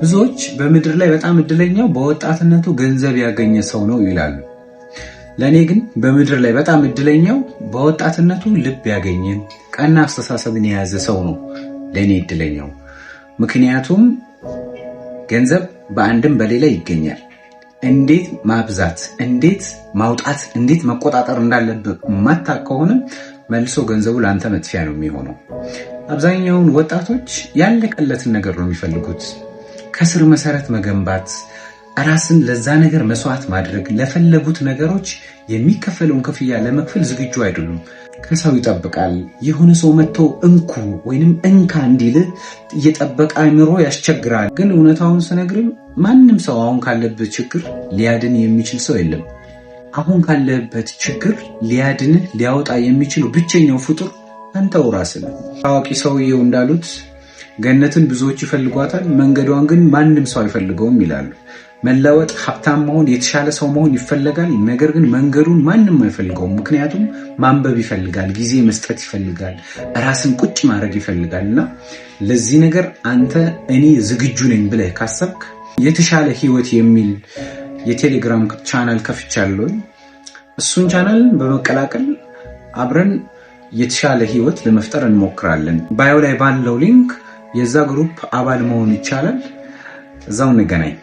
ብዙዎች በምድር ላይ በጣም እድለኛው በወጣትነቱ ገንዘብ ያገኘ ሰው ነው ይላሉ። ለእኔ ግን በምድር ላይ በጣም እድለኛው በወጣትነቱ ልብ ያገኘ ቀና አስተሳሰብን የያዘ ሰው ነው ለእኔ እድለኛው። ምክንያቱም ገንዘብ በአንድም በሌላ ይገኛል። እንዴት ማብዛት፣ እንዴት ማውጣት፣ እንዴት መቆጣጠር እንዳለብህ ማታቅ ከሆነ መልሶ ገንዘቡ ለአንተ መጥፊያ ነው የሚሆነው። አብዛኛውን ወጣቶች ያለቀለትን ነገር ነው የሚፈልጉት። ከስር መሰረት መገንባት ራስን ለዛ ነገር መስዋዕት ማድረግ ለፈለጉት ነገሮች የሚከፈለውን ክፍያ ለመክፈል ዝግጁ አይደሉም። ከሰው ይጠብቃል። የሆነ ሰው መጥቶ እንኩ ወይንም እንካ እንዲል እየጠበቀ አይምሮ ያስቸግራል። ግን እውነታውን ስነግርም ማንም ሰው አሁን ካለበት ችግር ሊያድን የሚችል ሰው የለም። አሁን ካለበት ችግር ሊያድንህ ሊያወጣ የሚችል ብቸኛው ፍጡር አንተው ነው። ታዋቂ ሰውየው እንዳሉት ገነትን ብዙዎች ይፈልጓታል፣ መንገዷን ግን ማንም ሰው አይፈልገውም ይላሉ። መለወጥ፣ ሀብታም መሆን፣ የተሻለ ሰው መሆን ይፈለጋል። ነገር ግን መንገዱን ማንም አይፈልገውም። ምክንያቱም ማንበብ ይፈልጋል፣ ጊዜ መስጠት ይፈልጋል፣ ራስን ቁጭ ማድረግ ይፈልጋል። እና ለዚህ ነገር አንተ እኔ ዝግጁ ነኝ ብለህ ካሰብክ የተሻለ ህይወት የሚል የቴሌግራም ቻናል ከፍቻለሁ። እሱን ቻናል በመቀላቀል አብረን የተሻለ ህይወት ለመፍጠር እንሞክራለን። ባዮ ላይ ባለው ሊንክ የዛ ግሩፕ አባል መሆን ይቻላል። እዛው እንገናኝ።